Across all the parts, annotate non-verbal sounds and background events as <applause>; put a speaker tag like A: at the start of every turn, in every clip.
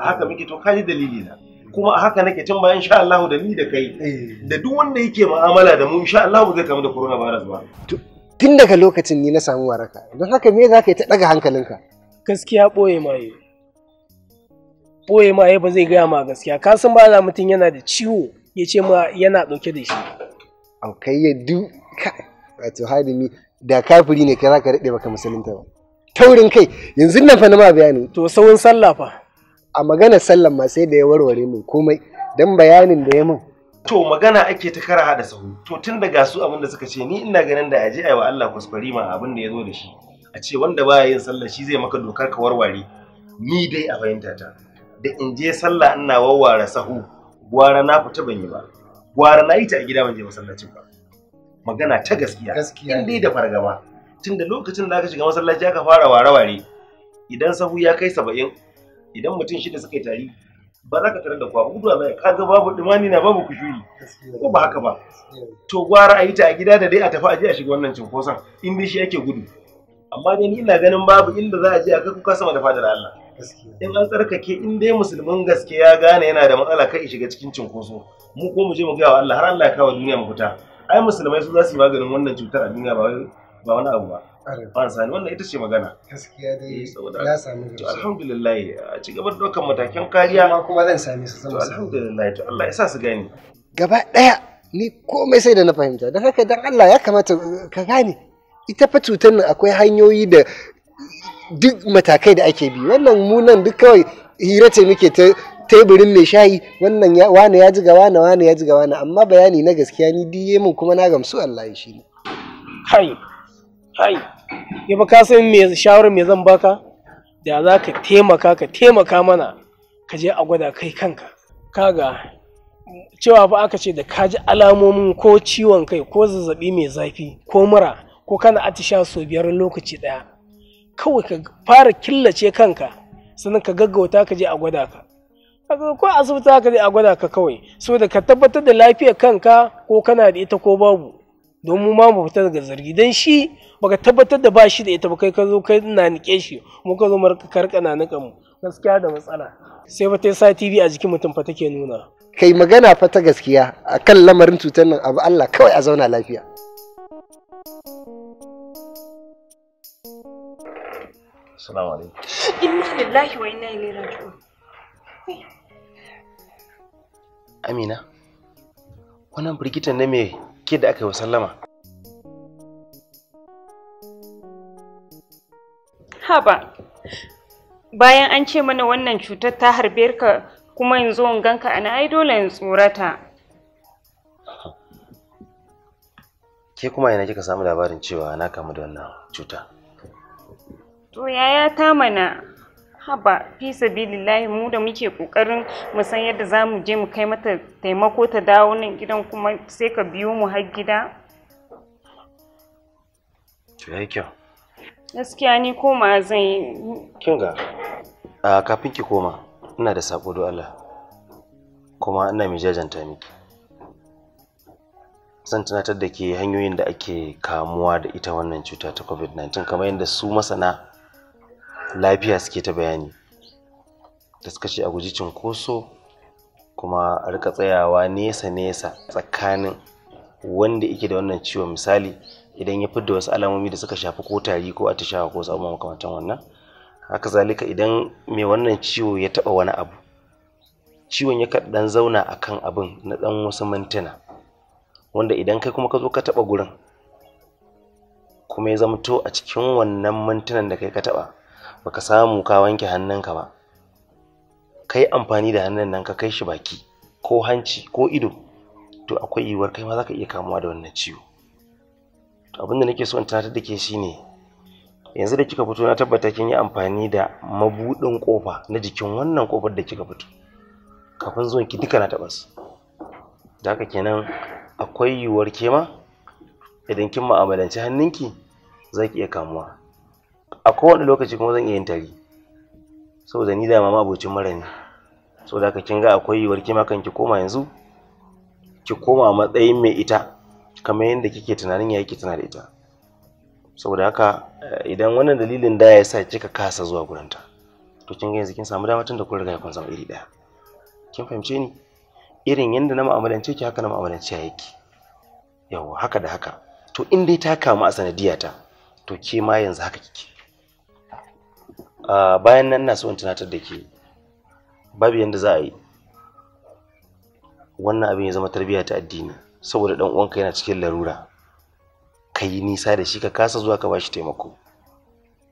A: a haka muke to kaji dalili na kuma a haka nake tun bayan insha Allah da ni da kai eh. da duk wanda yake mu'amala da mu insha Allah zai kamu da virus ba
B: tun daga lokacin ni na samu waraka don haka me zaka yi ta daga hankalinka gaskiya boye maye boye maye ba zai gaya ma gaskiya ka san ba mutum yana da ciwo ya ce ma yana dauke da shi aukai ya du wato hadimi da kafiri ne kai zaka rade baka musulunta ba taurin kai yanzu nan fa na ma bayani to sawun sallah fa a magana sallan ma sai da ya warware min komai dan bayanin da ya min
A: to magana ake ta kara hada sahu to tun daga su abin da suka ce ni ina ganin da aje ayi wa Allah kwaskwari ma abin da ya zo da shi a ce wanda baya yin sallah shi zai maka dokar ka warware ni dai a fahimta ta da in je sallah ina warware sahu gwara na fita ban yi ba gwara na yi ta a gida ban je masallacin ba magana ta gaskiya in dai da fargaba tun da lokacin da aka shiga masallaci aka fara ware-ware idan sahu ya kai saba'in idan mutum shida suka yi tari ba za ka tarar da kwa hudu za ka ga babu dumani na babu kushuri ko ba haka ba to gwara a yi ta a gida da dai a tafi a je a shiga wannan cinkoson in dai shi yake gudu amma dai ni ina ganin babu inda za a je a kai kuka sama da fadar Allah in an tsarkake in dai musulmin gaske ya gane yana da matsala kai shiga cikin cinkoso mu ko mu je mu ga wa Allah har Allah ya kawo duniya mu fita ai musulmai su za su yi maganin wannan cutar a duniya ba wani abu ba an sani wannan ita ce magana
B: gaskiya dai ya eh, sami to
A: alhamdulillah a ci gaba da matakan kariya ma kuma zan sami su to alhamdulillah to Allah ya sa su gani.
B: gaba daya ni komai sai da na fahimta don haka dan Allah ya kamata ka gane ita fa cutar nan akwai hanyoyi da duk matakai da ake bi wannan mu nan duk kawai hira ce muke ta teburin mai shayi wannan wani ya jiga wane wani ya ji jiga wani. amma bayani na gaskiya ni diye mun kuma na gamsu Allah ya shi ne Hai, ya ba ka san shawarar me zan baka da za ka taimaka ka taimaka mana
A: ka je a gwada kai kanka kaga cewa fa aka ce da ka ji alamomin ko ciwon kai ko zazzabi mai zafi ko mura ko kana atisha sau biyar lokaci ɗaya kawai ka fara killace kanka sannan ka gaggauta ka je a gwada ka ko asibiti ka je a gwada ka kawai so da ka tabbatar da lafiyar kanka ko kana da ita ko babu don mu ma mu fita daga zargi don shi baka tabbatar da ba shi da ita ba kai ka zo kai na nike shi mu ka zo mu karka na nika mu gaskiya da matsala sai ba ta sa TV a jikin mutum fa take nuna
B: kai magana fa ta gaskiya akan lamarin cutar nan abu Allah kawai a zauna lafiya Assalamu alaikum.
C: Inna lillahi wa inna ilaihi raji'un.
A: Amina, wannan birgitan na me ke da aka yi wa sallama
C: haba bayan an ce mana wannan cutar ta harbe ka kuma zo in ganka ana ai dole in tsorata
A: ke kuma yana kika samu labarin cewa na kamu da wannan cuta
C: to yaya ta mana haba fi sabilillahi mu da muke kokarin mu san yadda za mu je mu kai mata taimako ta dawo nan gidan kuma sai ka biyo mu har gida to yayi kyau gaskiya ni koma zan yi
A: kin ga a kafin ki koma ina da sako do Allah kuma ina mai jajanta miki zan tunatar da ke hanyoyin da ake kamuwa da ita wannan cuta ta covid-19 kamar yadda su masana lafiya suke ta bayani da suka ce a guji cinkoso kuma a rika tsayawa nesa-nesa tsakanin wanda yake da wannan ciwon misali idan ya fidda wasu alamomi da suka shafi ko tari ko atishawa ko wasu makamantan wannan haka zalika idan mai wannan ciwo ya taba wani abu ciwon ya dan zauna a kan abin na ɗan wasu mintuna wanda idan kai kuma ka zo ka taba gurin kuma ya to a cikin wannan mintunan da kai ka taba baka samu ka wanke hannunka ba kai amfani da hannun nan ka kai shi baki ko hanci ko ido to akwai yiwuwar kai ma zaka iya kamuwa da wannan ciwo to abin da nake so in tunatar da ke shine yanzu da kika fito na tabbata kin yi amfani da mabudin kofa na jikin wannan kofar da kika fito kafin zuwan ki duka na tabas da haka kenan akwai yiwuwar ke ma idan kin ma'amalanci hannunki za ki iya kamuwa a kowane lokaci kuma zan iya yin tari saboda ni dama ma abocin mara ne saboda haka kin ga akwai yiwuwar kima kan ki koma yanzu ki koma a matsayin mai ita kamar yadda kike tunanin ya yake tana da ita saboda haka eh, idan wannan dalilin da ya sa kika kasa zuwa ta to kin ga yanzu kin samu damar tunda da kun riga kun zama iri daya kin fahimce ni irin yadda na mu'amalance ki haka na mu'amalance yake yawa haka da haka to in dai ta kamu a sanadiyata to ke ma yanzu haka kike bayan nan ina so in tunatar da ke babu yadda za a yi wannan abin ya zama tarbiyya ta addini saboda dan uwanka yana cikin larura ka yi nisa da shi ka kasa zuwa ka bashi taimako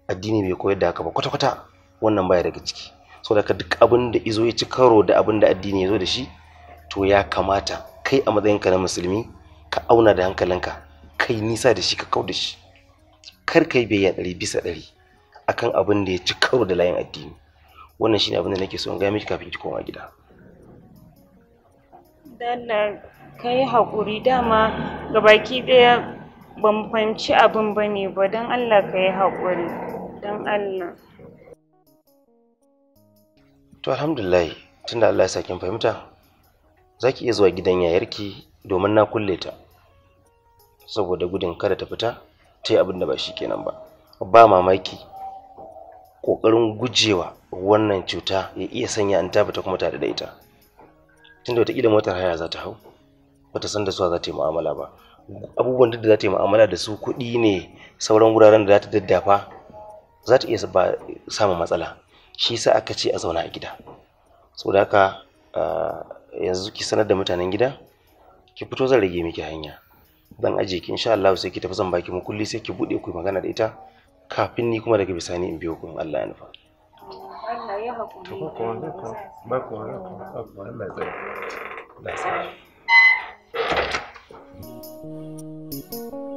A: addini bai koyar da haka ba kwata-kwata wannan baya daga ciki saboda ka duk abin da izo ya ci karo da abin da addini ya zo da shi to ya kamata kai a matsayinka na musulmi ka auna da hankalinka kai nisa da shi ka kau da shi kar kai bai ya ɗari bisa ɗari akan abin da ya ci karo da layin addini wannan shine abin da nake so in gaya miki kafin ki koma gida
C: dan ka yi haƙuri dama ga baki ɗaya ban fahimci abin ba ne ba don allah ka yi haƙuri don allah
A: to alhamdulillah tunda allah ya sa kin fahimta za ki iya zuwa gidan yayarki domin na kulle ta saboda gudun kada ta fita ta yi abin da ba shi kenan ba ba mamaki ƙoƙarin gujewa wannan cuta ya iya sanya an ta kuma tare da ita tunda wataƙila motar haya za ta hau bata san da suwa za ta yi mu'amala ba abubuwan da za ta yi mu'amala da su kuɗi ne sauran wuraren da za ta daddafa za ta iya samun matsala shi sa aka ce a zauna a gida saboda haka yanzu ki sanar da mutanen gida ki fito zan rage miki hanya dan aje ki insha Allah sai ki tafi zan baki mu kulli sai ki bude ku magana da ita kafin ni kuma daga bisani in biyo ku in Allah ya nufa
C: Allah ya
D: ba ku Thank you.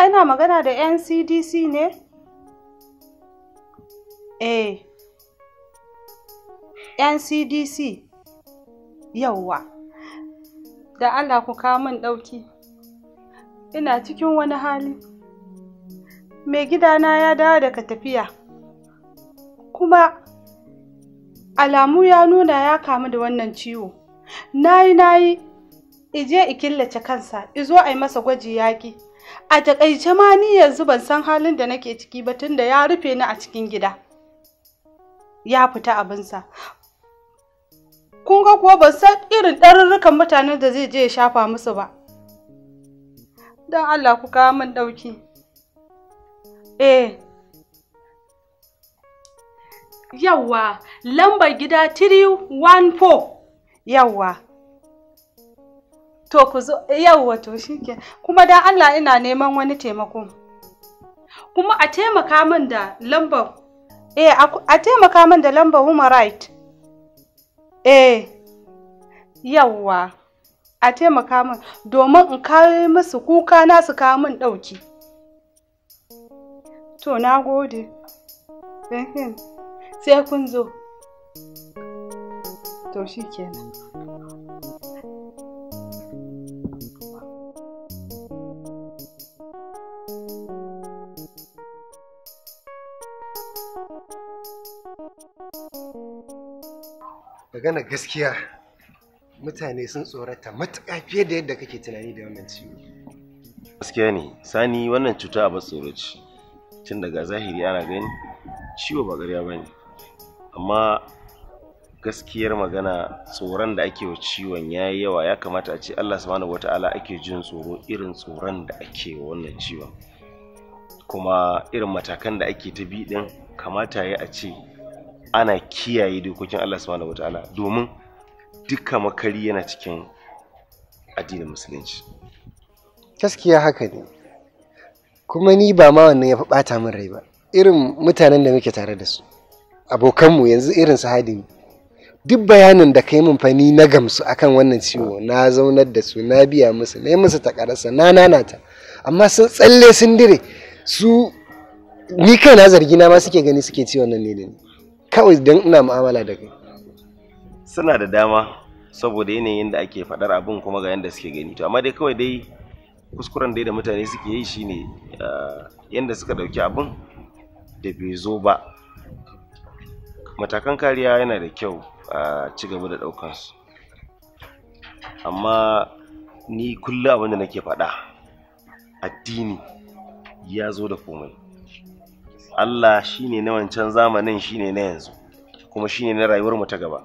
D: Allah yana magana da NCDC ne? Eh, NCDC yauwa, da Allah ku kawo min ɗauki. Ina cikin wani hali. Mai gidana ya dawo daga tafiya, kuma alamu ya nuna ya kamu da wannan ciwo. Nayi nayi, ije i killace kansa, izo a yi masa gwaji yaƙi. a takaice ma ni yanzu ban san halin da nake ciki ba tunda ya rufe ni a cikin gida ya fita abinsa kun ga kuwa ban san irin ɗarurrukan mutanen da zai je ya shafa musu ba don allah ku kawo min ɗauki eh yawwa lambar gida 314 yawwa To ku zo eh, yawwa to shike. Kuma dan Allah ina neman wani taimako. Kuma a taimaka min da lambar eh a taimaka min da lambar human right. Eh yawwa a taimaka min domin in kawo musu kuka na su kawo min ɗauki. To na gode. Sai kun zo. To shikenan.
B: magana gaskiya mutane sun tsorata matuƙa fiye da yadda kake tunani da wannan ciwo
A: gaskiya ne sani wannan cuta a tsoro ce tun daga zahiri ana gani ciwo ba ƙarya ba ne amma gaskiyar magana tsoron da ake wa ciwon ya yi yawa ya kamata a ce allah subhanahu wata'ala ake jin tsoro irin tsoron da ake wa wannan ciwon kuma irin matakan da ake ta bi din kamata ya a ce ana kiyaye dokokin Allah subhanahu wataala domin duka makari yana cikin addinin
B: musulunci gaskiya haka ne kuma ni ba ma wannan ya fi bata min rai ba irin mutanen da muke tare da su abokanmu yanzu irin su hadi duk bayanin da kai min fani na gamsu akan wannan ciwo na zaunar da su na biya musu na yi musu karasa na nanata amma sun tsalle sun dire su ni kai na zargi na ma suke gani suke ciwon nan ne ne kawai don ina mu'amala da kai
A: suna da dama saboda yanayin da ake faɗar abin kuma ga yadda suke gani to amma dai kawai dai kuskuren dai da mutane suke yi shine eh, yadda suka ɗauki abin da bai zo ba matakan kariya yana da kyau a ci gaba da su amma ni kullum abin da nake faɗa addini ya zo da komai Allah shine na wancan zamanin shine na yanzu kuma shine na rayuwar mu ta gaba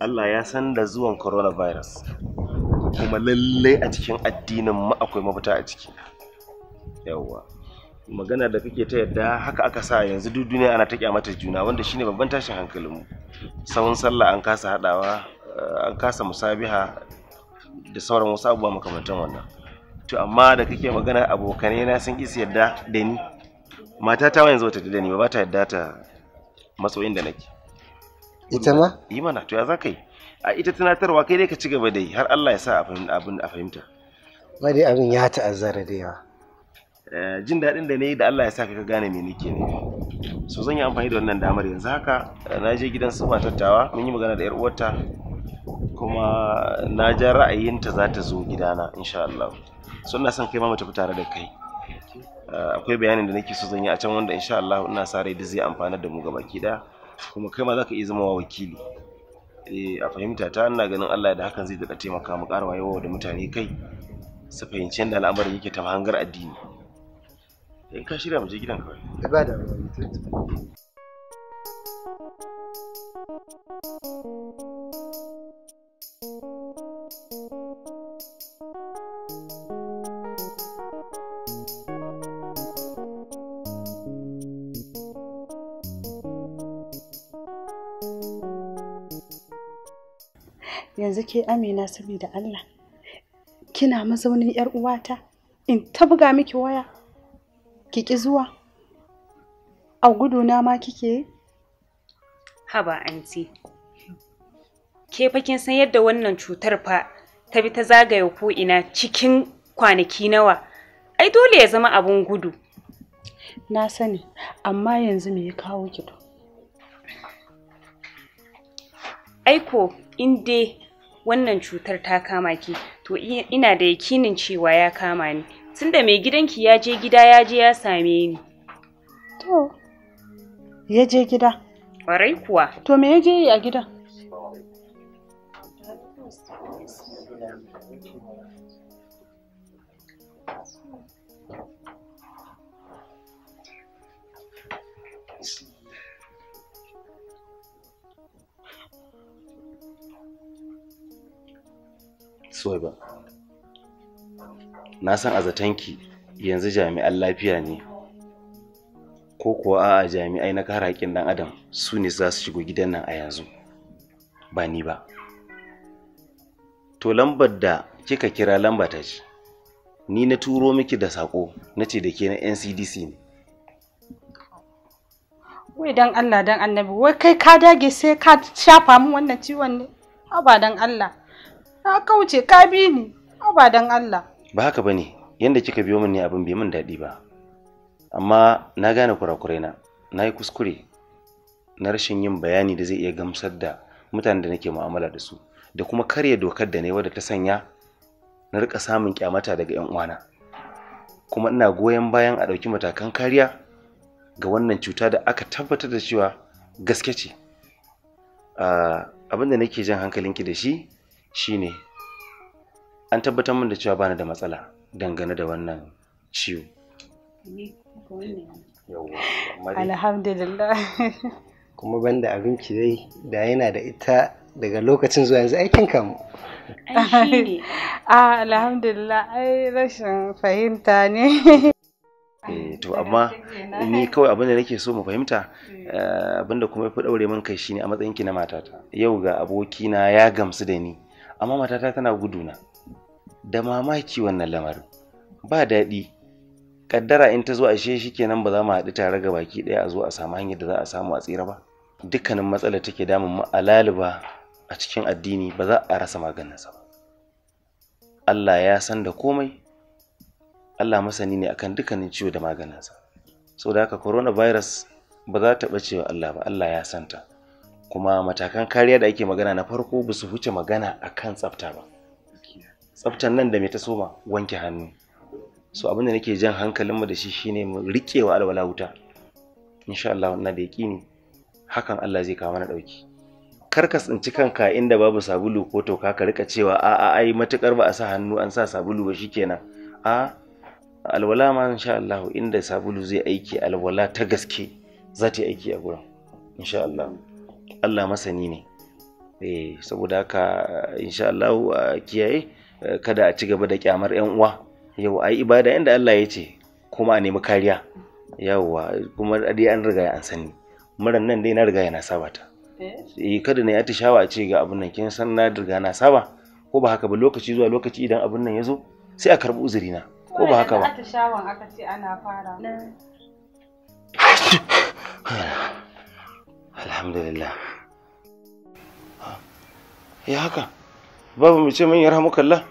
A: Allah ya san da zuwan coronavirus kuma lallai a cikin addinin mu akwai mafita a ciki yawwa magana da kake ta yadda haka aka sa yanzu duk duniya ana ta mata juna wanda shine babban tashin hankalin mu sawun sallah an kasa hadawa eh, an kasa musabiha da sauran wasu abubuwa makamantan wannan to amma da kake magana abokanai na san isi yadda da ni mata ta yanzu wata da ni ba ta yadda ta matsoyin da nake ita ma yi mana to ya zaka yi a ita tunatarwa kai dai ka ci gaba dai, har Allah ya sa a fahimta
B: ba dai abin ya ta'azzara da yawa
A: eh, jin daɗin da na yi da Allah ya sa ka gane me nake ne so zan yi amfani da wannan damar yanzu haka eh, na je gidan su matattawa mun yi magana da yar uwarta kuma na ja ra'ayinta za ta zo gidana insha Allah so ina son kai ma mu tafi tare da kai akwai bayanin da nake so zan yi a can wanda insha Allah ina sa rai da zai amfana da mu baki daya kuma kai ma zaka iya zama wakili eh a fahimta ta ina ganin Allah da hakan zai daɗa taimaka mu ƙara wayewa da mutane kai su fahimci yadda al'amarin yake ta hangar addini in ka shirya mu je gidan
B: kawai ba da
D: yanzu ke amina saboda Allah kina mazaunin yar uwata in ta buga miki waya ki ki zuwa a guduna ma kike
C: haba anti ke fa kin san yadda wannan cutar fa ta bi ta zagaye ko ina cikin kwanaki nawa ai dole ya zama abun gudu
D: na sani amma yanzu me ya kawo ki to
C: aiko in dai wannan cutar ta kama ki to ina da yakinin cewa ya kama ni tunda mai gidanki ya je gida ya je ya same ni
D: to ya je gida
C: warai kuwa
D: to me ya je a gida
A: ba. Na san azatanki yanzu jami'an lafiya ne ko kuwa a jami'ai na kare haƙƙin ɗan adam su ne za su shigo gidan nan a yanzu ba ni ba to lambar da kika kira lamba ta ce ni na turo miki da saƙo na ce da ke na ncdc ne
D: wai dan allah dan annabi wai kai ka dage sai ka shafa mu wannan ciwon ne ba dan allah Na kauce ka bi ni, ba dan Allah.
A: Ba haka bane, yadda kika biyo min ne abin bai mun daɗi ba. Amma na gane kurakurai na, na yi kuskure na rashin yin bayani da zai iya gamsar da mutanen da nake mu'amala da su, da kuma karya dokar da ne wadda ta sanya na rika samun kyamata daga 'yan uwana. Kuma ina goyon bayan a ɗauki matakan kariya ga wannan cuta da aka tabbatar da cewa gaske ce. Ah, abin da nake jan hankalinki da shi shine an tabbatar min da cewa bani da matsala dangane da wannan ciwo
D: alhamdulillah <laughs>
B: kuma banda abinci dai da yana da ita daga lokacin zuwa yanzu aikin kamu
D: a <laughs> ah, alhamdulillah ai rashin fahimta ne
B: <laughs> eh, to amma
A: ni kawai abin da nake so mu fahimta eh. Eh, abin da kuma ya fi daure min kai shine a matsayinki na matata yau ga aboki na ya gamsu da ni amma matata tana guduna da mamaki wannan lamarin ba daɗi ƙaddara in ta zo a shi kenan ba za mu haɗu tare ga baki ɗaya a zo a samu hanyar da za a samu a tsira ba dukkanin matsala take damun mu ba a cikin addini ba za a rasa maganinsa ba Allah ya san da komai Allah masani ne akan dukkanin ciwo da maganinsa saboda haka coronavirus ba za ta ɓace wa Allah ba Allah ya santa kuma matakan kariya da ake magana na farko ba su huce magana a kan tsafta ba tsaftan nan da mai ta soma wanke hannu so abin da nake jan hankalinmu da shi shine mu riƙewa alwala wuta insha Allah na da yaƙini hakan Allah zai kawo mana ɗauki kar ka tsinci kanka inda babu sabulu ko toka ka rika cewa a a ai matukar ba a sa hannu an sa sabulu ba shikenan a alwala ma insha Allah inda sabulu zai aiki alwala ta gaske za ta aiki a gurin insha Allah Allah masani ne eh saboda haka insha Allah kiyaye kada a ci gaba da kyamar yan uwa yau ai ibada inda Allah ya ce kuma a nemi kariya yawa kuma dai an riga an sani muran nan dai na riga yana saba ta eh kada ne atishawa a ce ga abun nan kin san na riga na saba ko ba haka ba lokaci zuwa lokaci idan abun nan ya zo sai a karbi uzuri na ko ba haka ba
D: atishawan aka ce ana fara
A: alhamdulillah ya haka babu mu ce min ramukalla?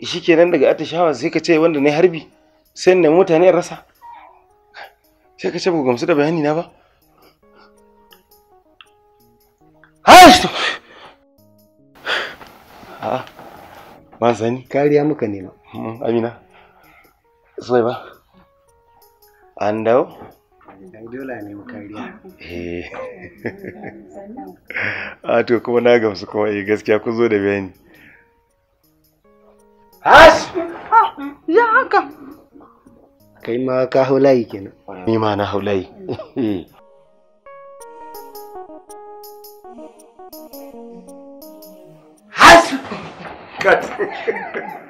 A: shi kenan daga atishawa sai ka ce wanda ne harbi sai na mutane rasa sai ka ce ba gamsu da bayani na ba
B: Ha, ba sani kariya muka nema hmm, amina Zai ba
A: an dawo
B: dole ne kariya eh. <laughs> a to kuma na gamsu kuma eh gaskiya kun zo da bayani
D: has ah, ya haka
B: kai ma ka haulayi kenan ni ma na haulayi
D: <laughs> <laughs>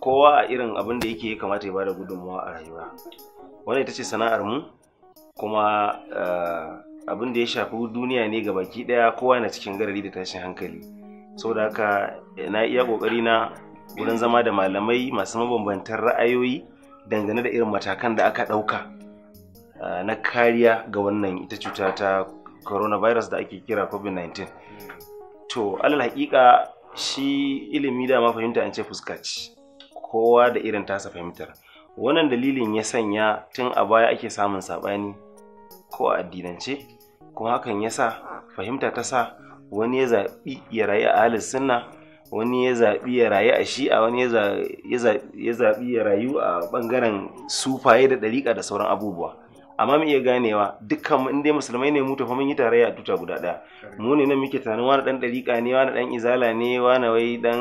A: kowa a irin abin da yake kamata ya bada gudunmawa a rayuwa wannan ita ce sana'ar mu kuma eh, abin da ya shafi duniya ne ga baki daya kowa na cikin garari da tashin hankali saboda haka na iya kokari na wurin zama da malamai masu mabambantan ra'ayoyi dangane da irin matakan da aka ɗauka eh, na kariya ga wannan ita cuta ta coronavirus da ake kira covid-19 to alal hakika shi ilimi da ma fahimta an ce fuskaci kowa da irin tasa fahimtar wannan dalilin ya sanya tun a baya ake samun saɓani ko a addinance kuma hakan ya sa fahimta ta sa wani ya zaɓi ya rayu a halin sunna wani ya zaɓi ya rayu a shi'a wani ya zaɓi ya rayu a ɓangaren sufaye da ɗariƙa da sauran abubuwa amma mu iya ganewa dukkan in dai musulmai ne mu tafi mun yi tarayya a tuta guda daya mu ne nan muke tunanin wani dan dariƙa ne wani dan izala ne wani wai dan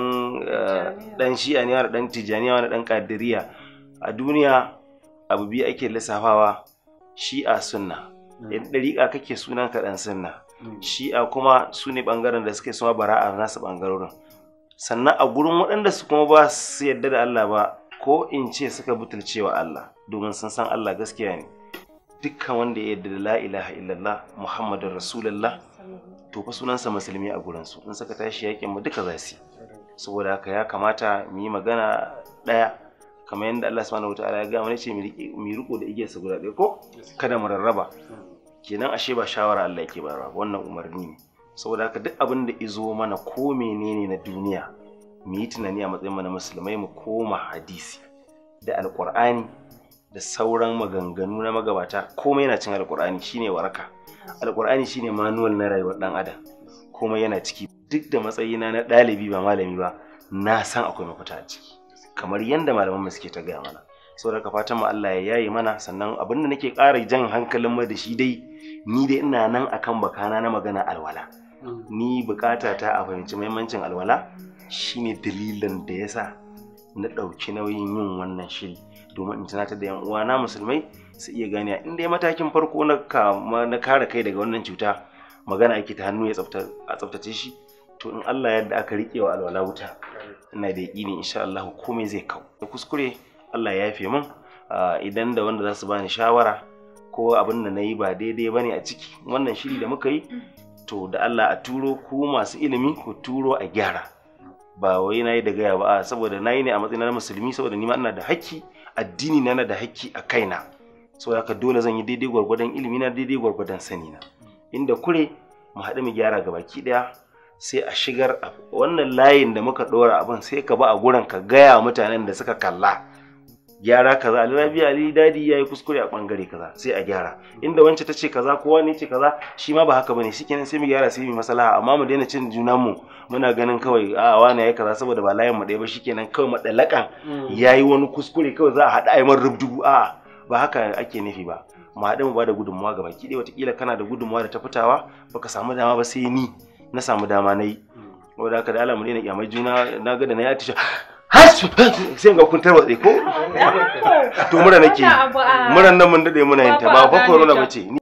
A: eh, shi'a ne wani dan tijani wani dan kadiriya a duniya abu biyu ake lissafawa shi'a sunna yan hmm. dariƙa kake sunan ka dan sunna hmm. shi'a kuma su ne bangaren da suke suma bara'a nasu bangarorin sannan a gurin waɗanda su kuma ba su yadda da Allah ba ko in ce suka butulcewa Allah domin sun san Allah gaskiya ne dukkan wanda ya yarda da la ilaha illallah muhammadun rasulullah to fa sunansa musulmi a gurin su in saka tashi yakin mu duka zasi saboda haka ya kamata mu yi magana ɗaya kamar yadda Allah subhanahu wataala ya ga mana ce mu riko da igiyarsa guda ɗaya ko kada mu rarraba kenan ashe ba shawara Allah yake ba wannan umarni saboda haka duk abin da izo mana ko menene na duniya mu yi tunani a matsayin mu na musulmai mu koma hadisi da alkur'ani da sauran maganganu na magabata komai yana cin alkur'ani shine waraka alkur'ani shine manuwal na rayuwar dan adam komai yana ciki duk da matsayina na ɗalibi ba malami ba na san akwai mafita a ciki kamar yadda malaman mu suke ta gaya mana saboda ka fatan mu Allah ya yaye mana sannan abin da nake ƙara jan hankalin mu da shi dai ni dai ina nan akan bakana na magana alwala mm. ni bukata ta a fahimci muhimmancin alwala shine dalilin da yasa na ɗauki nauyin yin wannan shiri domin in tunatar da 'yan uwana musulmai su iya gane in dai matakin farko na na kare kai daga wannan cuta magana ake ta hannu ya a tsaftace shi to in Allah yadda aka riƙe wa alwala wuta ina da yaqini insha Allah komai zai kau da kuskure Allah ya yafe min idan da wanda za su bani shawara ko abin da na yi ba daidai ba ne a ciki wannan shiri da muka yi to da Allah a turo ku masu ilimi ku turo a gyara ba wai nayi da gaya ba a saboda nayi ne a matsayin na musulmi saboda ni ma ina da haƙƙi addini na da haƙƙi a kaina saboda haka dole zan yi daidai gwargwadon ilimi na daidai gwargwadon sani na inda kure mu haɗu mu gyara ga baki ɗaya sai a shigar wannan layin da muka ɗora abin sai ka ba a gurin ka gaya mutanen da suka kalla gyara kaza Rabi ali dadi yayi kuskure a bangare kaza sai a gyara inda wance ta ce kaza kowa ne ce kaza shi ma ba haka bane shikenan sai mu gyara sai mu maslaha amma mu daina cin junan mu muna ganin kawai a wani yayi kaza saboda ba layin mu dai ba shikenan kawai madalakan mm. yayi wani kuskure kawai za a haɗa ai man rubdugu a ba haka ake nufi ba mu hada mu da gudunmawa ga baki ɗaya watakila kana da gudunmuwa da ta fitawa baka samu dama ba sai ni na samu dama na yi mm. haka da Allah mu daina kyamar juna na ga da na atisha hasu sai ga kun tarwatse ko to mura nake muran nan mun dade muna yin ta ba fa corona bace